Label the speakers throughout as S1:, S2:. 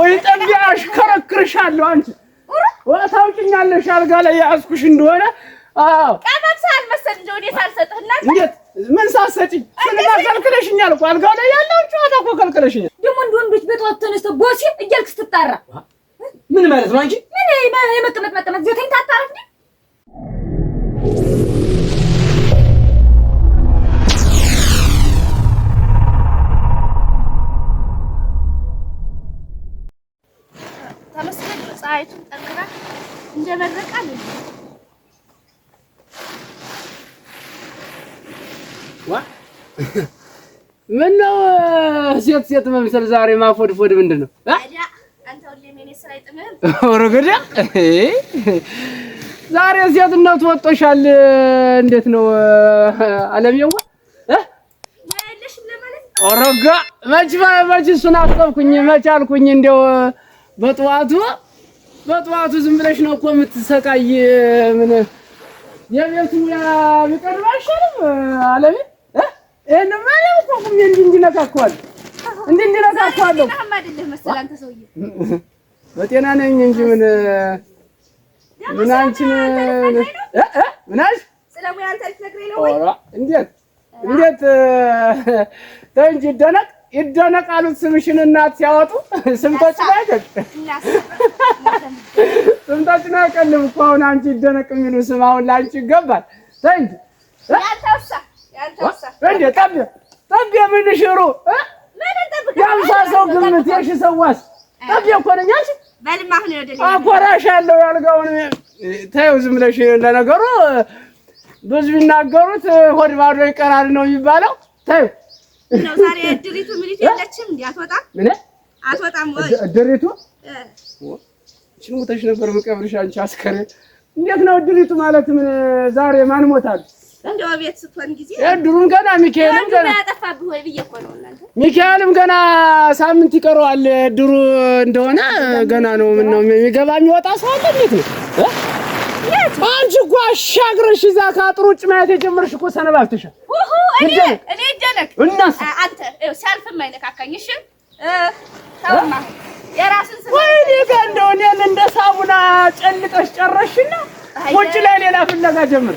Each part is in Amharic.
S1: ወይ ጠቢያ አሽከረክርሻለሁ። አንቺ ታውቂኛለሽ አልጋ ላይ ያዝኩሽ እንደሆነ ምን ሳትሰጪኝ ከልክለሽኛል እኮ አልጋ ላይ ያለውን ጨዋታ እኮ ከልክለሽኛል።
S2: ደግሞ እንደ ወንዶች በጠዋት ተነስተው ጎሲ እያልክ ስትጣራ ምን ማለት ነው? አንቺ ምን የመቀመጥ መቀመጥ ዘተኝ ታጣራ
S1: ሴት መምሰል ዛሬ ማፎድፎድ ምንድን ነው? ኧረ ገዳ ዛሬ ሴትነቱ ወጦሻል። እንዴት ነው አለምየዋ? ኧረ ጋ መች መች እሱን አሰብኩኝ መች አልኩኝ። እንደው በጠዋቱ በጠዋቱ ዝም ብለሽ ነው እኮ የምትሰቃይ። ምን የቤቱ ያ ቢቀርብ አይሻልም አለሜ? ይሄንማ አለም እኮ ቁሜ እንዲህ እንዲህ ነካከዋለሁ እንዴት እረጋጋለሁ? በጤና ነኝ እንጂ ምን ምን አንቺን ምን አልሽ? እንዴት እንዴት ተይ እንጂ ይደነቅ ይደነቅ አሉት። ስምሽን እናት ሲያወጡ ስምቶች ነው አይደል? ስምቶች አይቀልም እኮ አሁን አንቺ ይደነቅ የሚሉ ስም አሁን ለአንቺ ይገባል። ተይ እንጂ ጠብ ጠብ የምን ሽሩ ግምቴሽ ሰዋስ ጠፊ እኮ ነኝ። አንቺ በልማ አኮራሻለሁ። አልጋውን ተይው ዝም ብለሽ። ለነገሩ ብዙ ቢናገሩት ሆድ ባዶ ይቀራል ነው የሚባለው። ተይው
S2: ዛሬ ድሪቱ ምን የለችም እንዴ? አትወጣም? ምን አትወጣም ወይ
S1: ድሪቱ? እንዴት ነው ድሪቱ ማለት? ምን ዛሬ ማን ሞታል?
S2: እድሩን
S1: ገና ሚካኤልም ገና ሚካኤልም ገና ሳምንት ይቀረዋል እድሩ እንደሆነ ገና ነው። ምነው የሚገባ የሚወጣ ሰው አለ? እንዴት ነው አንቺ እኮ አሻግረሽ እዛ ከአጥሩ ውጭ ማየት የጀመርሽ እኮ ሰነባብተሻል።
S2: እኔ እኔ እደነቅ አንተ ሲያልፍም አይነካካኝ።
S1: ወይኔ ጋር እንደው እኔን እንደ ሳሙና ጨልጠሽ ጨረሽና ውጭ ላይ ሌላ ፍለጋ ጀምር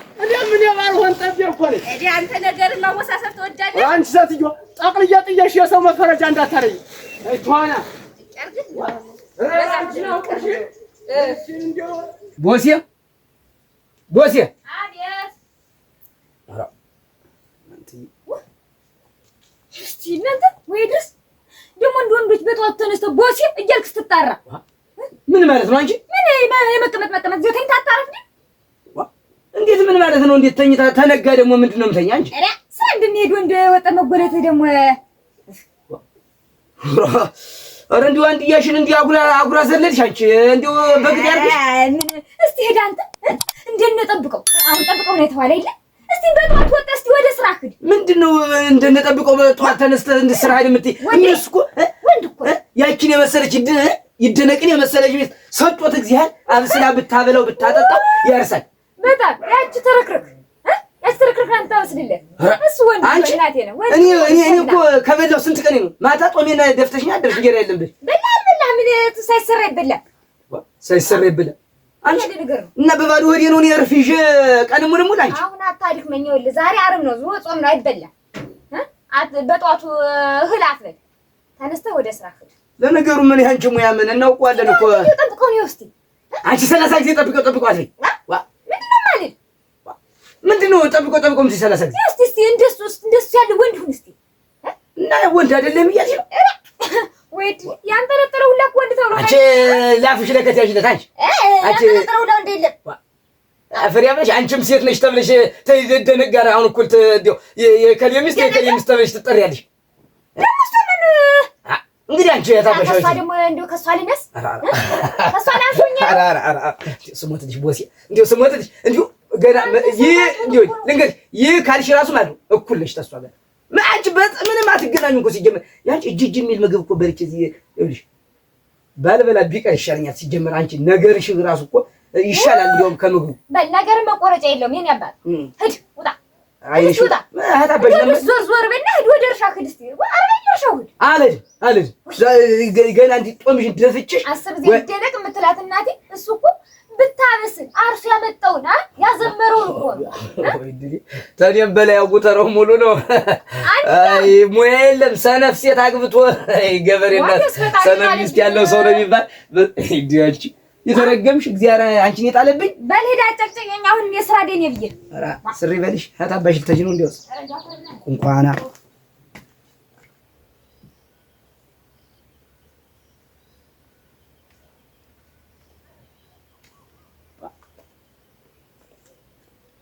S1: እንደምን የባልሆን ጠብ እኮ ነኝ
S2: እኔ። አንተ ነገርን ማወሳሰብ ትወዳለህ
S1: አንቺ ሰትዮ ጠቅልዬ ጥዬሽ የሰው መፈረጃ እንዳታረኝ ሆና ቦሴ ቦሴ
S2: እስኪ እናንተ ወይ ድረስ ደግሞ እንደ ወንዶች በጠዋት ተነስተው ቦሴ እያልክ ስትጣራ ምን ማለት ነው? አንቺ ምን የመቀመጥ መቀመጥ ዘተኝ ታጣራት
S1: እንዴት ምን ማለት ነው? እንዴት ተኝታ ተነጋ ደግሞ ምንድን ነው የምተኛ እንጂ ኧረ
S2: ስራ እንደሚሄዱ እንደወጣ መጎለት ደግሞ
S1: ኧረ እንዲሁ አንድያሽን እንዲሁ አጉራ አጉራ ዘለልሽ አንቺ እንዲሁ በግድ ያርግሽ።
S2: እስቲ ሄዳ አንተ እንደነ ጠብቀው አሁን ጠብቀው ነው የተባለ የለ እስቲ በጠዋት ወጣ እስቲ ወደ ስራ ክድ
S1: ምንድን ነው እንደነ ጠብቀው በጠዋት ተነስተህ እንድትሰራ ሂድ የምትይ እነሱ እኮ ወንድ እኮ ያቺን የመሰለች ይደነቅን የመሰለች ቤት ሰጦት እግዚአብሔር አብስላ ብታበለው ብታጠጣው ያርሳል። በጣም ያቺ ስንት ቀን ነው ማታ ጦሜና ደፍተሽኝ አደርሽ ገራ የለም
S2: በላ በላ ምን ሳይሰራ ይበላ
S1: ሳይሰራ ይበላ አንቺ እና በባዶ ወዴ ነው እኔ እርፍ ይዤ ቀን ሙሉ ሙሉ አንቺ
S2: አሁን አታሪክ መኝ ይኸውልህ ዛሬ ዓርብ ነው ዞሮ ጾም ነው አይበላ በጧቱ እህል አትበል ተነስተህ ወደ ስራ ሂድ።
S1: ለነገሩ ምን ያንቺ ሙያ ምን እናውቀዋለን
S2: እኮ ጠብቀው ነው ይወስድ
S1: አንቺ ሰላሳ ጊዜ ጠብቀው ጠብቀው አትበይ ምንድነው ጠብቆ ጠብቆ ሲሰለሰል?
S2: እስቲ እስቲ እንደሱ እንደሱ ያለ ወንድ ሁን እስቲ
S1: እና ወንድ አይደለም እያልሽ ነው
S2: ወይ? ያንጠለጠለው ሁላ እኮ ወንድ ተብሎ
S1: አንቺ ላፍሽ ለከት ያዥለት አንቺ
S2: አንቺ ሁላ ወንድ የለም።
S1: ፍሬ አብለሽ አንቺም ሴት ነሽ ተብለሽ ተይዘደነጋር አሁን እኩል ተዲዮ የከሌ ሚስት የከሌ ሚስት ተብለሽ ትጠሪያለሽ። እንግዲህ አንቺ
S2: ያታበሻው ደግሞ እንደው
S1: ገና ይህ እንዲሁ ልንገርሽ፣ ይህ ካልሽ ራሱ ማለት ነው እኩል ነሽ ተሷ ጋር አንቺ ምንም አትገናኙ እኮ ሲጀመር። ያንቺ እጅ እጅ የሚል ምግብ እኮ በልቼ ባልበላ ቢቀር ይሻለኛል። ሲጀመር አንቺ ነገርሽ ራሱ እኮ ይሻላል፣ እንዲያውም ከምግቡ
S2: ነገር መቆረጫ የለውም። ይሄን ያባል ሂድ ውጣ ዞር ዞር በልና ወደ እርሻ ሂድ እስኪ
S1: አርበኛ ገና እንዲህ ጦምሽን ደፍቼሽ
S2: አስር ጊዜ ደለቅ የምትላት እናቴ እሱ እኮ ብታበስል አርሶ ያመጣውን ያዘመረውን
S1: እኮ ተኔም በላይ አጉተረው ሙሉ ነው። አይ ሙያ የለም ሰነፍ ሴት አግብቶ ገበሬነት ሰነፍ ሚስት ያለው ሰው ነው የሚባል እንዲያች የተረገምሽ እግዚአብሔር አንቺን የጣለብኝ
S2: በልሄዳ ጨቅጨቀኝ። አሁን የስራ ደኔ ብዬ
S1: ስሪ በልሽ ታባሽል ተጅኑ እንዲወስ እንኳና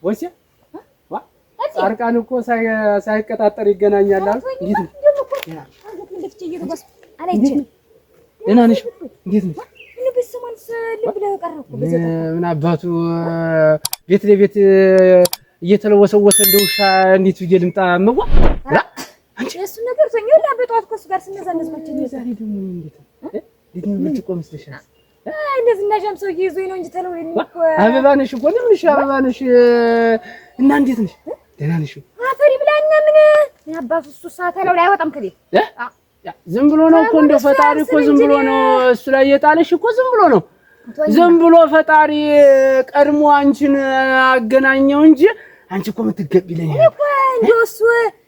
S1: ወይስ አርቃን እኮ ሳይቀጣጠር ይገናኛል አሉ። እንዴት ነው? ደህና ነሽ? እንዴት ነው? ምን አባቱ ቤት ለቤት እየተለወሰወሰ እንደ ውሻ እንዴት ብዬ ልምጣ? መዋ
S2: እሱ ነገር ሰኞ ላ በጠዋት ከእሱ ጋር ስነዛነዝ መቼ ነው ዛሬ ደግሞ እንደዚህ ሰውዬ ይዞኝ ነው እንጂ ተለው
S1: አበባ ነሽ እኮ ልምሽ አበባ ነሽ። እና እንዴት ነሽ? ደህና ነሽ?
S2: አፈሪ ብላኛ ምን አባቱ እሱ ተለው ላይ አይወጣም ከዚህ
S1: ዝም ብሎ ነው እኮ ፈጣሪ እኮ ዝም ብሎ ነው እሱ ላይ የጣለሽ እኮ ዝም ብሎ ነው። ዝም ብሎ ፈጣሪ ቀድሞ አንቺን አገናኘው እንጂ አንቺ እኮ የምትገቢ
S2: እኮ እንደው እሱ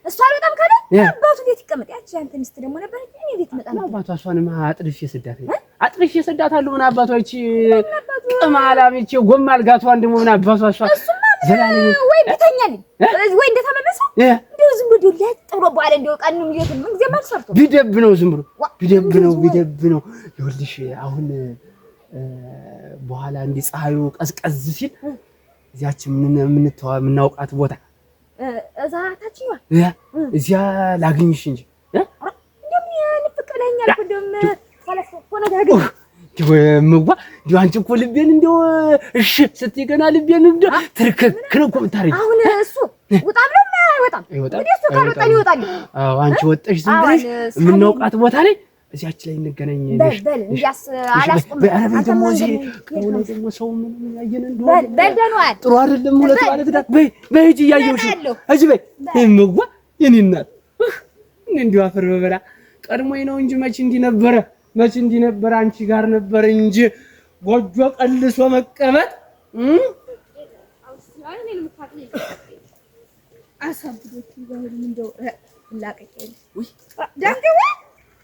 S2: እሷ አልወጣም ካለ አባቱ ቤት ይቀመጥ። ያቺ አንተ ሚስት ደግሞ እኔ ቤት መጣ
S1: ነው አባቷ። እሷንማ አጥድፌ ስዳት አጥድፌ ስዳት አሉ ምን አባቷ እቺ ጥማላም እቺ ጎማ አልጋቷ እንደሞ ምን አባቷ እሷ
S2: ወይ ቤተኛ ነኝ ወይ እንደተመለሰ እንደው ዝም ብሎ ለት በኋላ እንደው ቀኑ ምየት ምን ጊዜ ማልሰርቶ
S1: ቢደብ ነው ዝም ብሎ ቢደብ ነው ቢደብ ነው። ይኸውልሽ አሁን በኋላ እንዲህ ፀሐዩ ቀዝቀዝ ሲል እዚያችን ምን ቦታ
S2: እዛ ታችኛ
S1: እዚያ ላግኝሽ እንጂ ምዋ እንዲ አንቺ እኮ ልቤን እሺ ስትይ ገና ልቤን እኮ የምታረጊው
S2: አሁን እሱ ውጣ አይወጣም። ይወጣል።
S1: አንቺ ወጠሽ ዝም ብለሽ የምናውቃት ቦታ ላይ እዚያች ላይ እንገናኝ።
S2: በል በል አላስቆም።
S1: አንተ ጥሩ አይደለም። ሁለት ማለት ዳት በይ በይ እያየሁሽ በይ እምዋ እናት እንዲሁ አፈር በበላ ቀድሞኝ ነው እንጂ መች እንዲህ መች እንዲህ አንቺ ጋር ነበር እንጂ ጎጆ ቀልሶ መቀመጥ
S2: አሳብዶት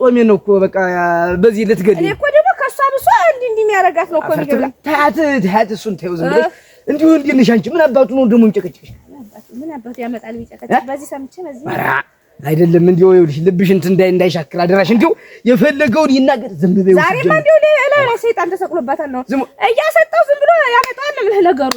S1: ጦሜን እኮ በቃ በዚህ ልትገድል
S2: እኮ ደግሞ ከእሷ ብሶ እንዲህ እንዲህ የሚያደርጋት
S1: ነው እኮ የሚገባ ታያት ታያት እሱን ተይው ዝም ብለሽ እንዲሁ እንዲህ ነሽ አንቺ ምን አባቱ ነው ደግሞ የሚጨቀጭቅሽ
S2: ምን አባቱ ያመጣል የሚጨቀጭቅ በዚህ ሰምቼ በዚህ
S1: አይደለም እንዲሁ ይኸውልሽ ልብሽ እንትን እንዳይ እንዳይሻክር አደራሽ እንዲሁ የፈለገውን ይናገር ዝም ብለው
S2: ዛሬማ እንዲሁ ላይ ሰይጣን ተሰቅሎባታል ነው እያሰጠው ዝም ብሎ ያመጣዋል ነው የምልህ ነገሩ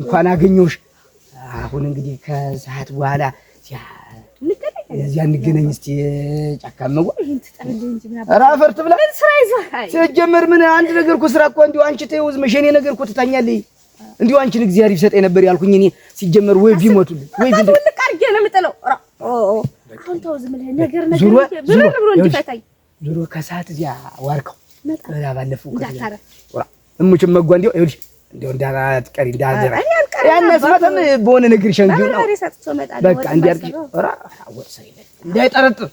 S1: እንኳን አገኘሁሽ። አሁን እንግዲህ ከሰዓት በኋላ እዚያ እንገናኝ። እስኪ ጫካ መጓ ኧረ አፈር ትብላ። ሲጀመር ምን አንድ ነገር እኮ ስራ እኮ እንዲሁ አንቺ ተይው እኔ ነገር እኮ እንዲሁ አንቺን እግዚአብሔር ይሰጠኝ ነበር ያልኩኝ እኔ ሲጀመር ወይ ቢሞቱልኝ ወይ ዙሮ ከሰዓት እዚያ ዋርከው ባለፈው እሙችን መጓ ይኸውልሽ እንደው እንዳትቀሪ እንዳትዘራ ያነስ መጠን በሆነ ነገር ሸንጆ በቃ እንዲያርግ ራ አወሰ እንዳይጠረጥር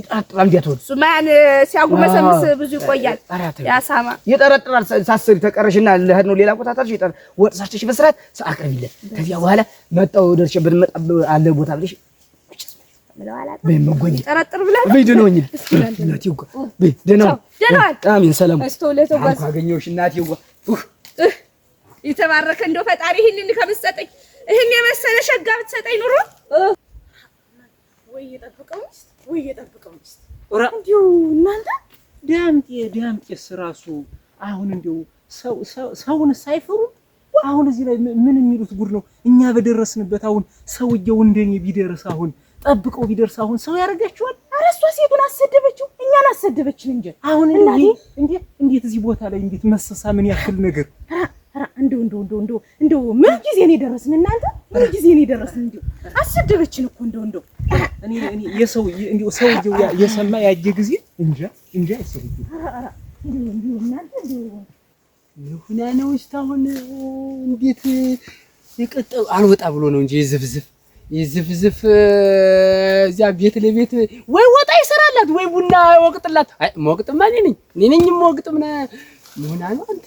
S1: ይጠረጥራል። እንዴት ወድ
S2: ሱማን ሲያጉመሰምስ ብዙ ይቆያል። ያሳማ
S1: ይጠረጥራል። ሳስቢ ተቀረሽና ለህድ ነው ሌላ ቦታ ታርሽ ይጠር ወጥ ሰርተሽ በስራት አቅርቢለት። ከዚያ በኋላ መጣው ደርሼ ብንመጣ አለ ቦታ ብለሽ
S2: ጠረጥር ብለህ
S1: ደህና ሰላም
S2: አገኘሁሽ እናቴዋ የተባረከ እንደው ፈጣሪ ይህንን ከምትሰጠኝ ይህን የመሰለ ሸጋ ብትሰጠኝ ኑሮ ወይ የጠብቀው ሚስት ወይ የጠብቀው ሚስት እንዲሁ እናንተ
S1: ዳምጤ ዳምጤስ ራሱ አሁን እንዲሁ ሰውን ሳይፈሩ አሁን እዚህ ላይ ምን የሚሉት ጉድ ነው? እኛ በደረስንበት አሁን ሰውየው እንደኔ ቢደርስ አሁን ጠብቀው ቢደርስ አሁን ሰው ያደርጋችኋል።
S2: ኧረ እሷ ሴቱን አሰደበችው እኛን አሰደበችን እንጂ
S1: አሁን እንዴት እዚህ ቦታ ላይ እንዴት መሰሳ ምን ያክል ነገር
S2: ኧረ እንደው እንደው እንደው እንደው እንደው ምን ጊዜ ነው የደረስን? እናንተ ምን ጊዜ ነው የደረስን? እንደው አሰደበችን እኮ እንደው እንደው
S1: እኔ እኔ የሰው እንደው ሰውዬው የሰማ ያየ ጊዜ እንጃ እንጃ አይሰብኝ።
S2: ኧረ እንደው እንደው እናንተ
S1: እንደው ይሁና ነው እስካሁን እንዴት የቀጠሉ አልወጣ ብሎ ነው እንጂ የዝፍዝፍ የዝፍዝፍ እዚያ ቤት ለቤት ወይ ወጣ ይሰራላት ወይ ቡና ወቅጥላት። አይ መወቅጥማ እኔ ነኝ እኔ ነኝ የምወቅጥ ምናምን መሆን አለው አንተ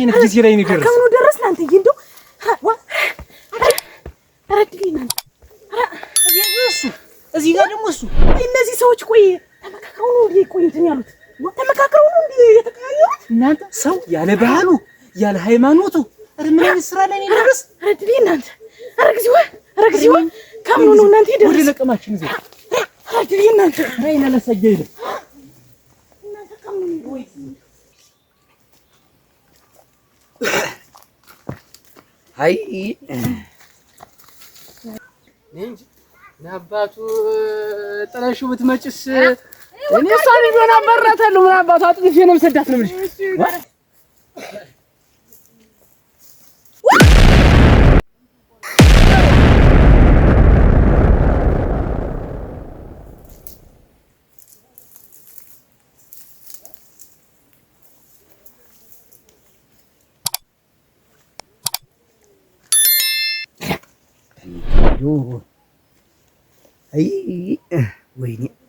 S1: አይነት ጊዜ ላይ ነው
S2: ደረስ ከምኑ ደረስ ናንተ ይንዱ
S1: እዚህ ጋር ደግሞ እሱ
S2: እነዚህ ሰዎች ቆይ ተመካክረው ነው እንዴ? ቆይ እንትን ያሉት ተመካክረው ነው እንዴ የተቀያየሩት?
S1: እናንተ ሰው ያለ ባህሉ ያለ ሃይማኖቱ ምን አይነት ስራ ላይ ነው ደረስ?
S2: ረድሊ እናንተ አረግዚዋ አረግዚዋ ከምኑ ነው እናንተ
S1: ይደርስ ወደ ለቀማችን እዚህ
S2: ረድሊ እናንተ
S1: አይና ለሰገይ አይ እንጂ አባቱ ጥለሽው ብትመጭስ እኔ እሷን ይዞ ናበራታለሁ። ምን አባቱ አጥንፌ ነው የምሰዳት ነው የምልሽ cachorro. Aí, ui,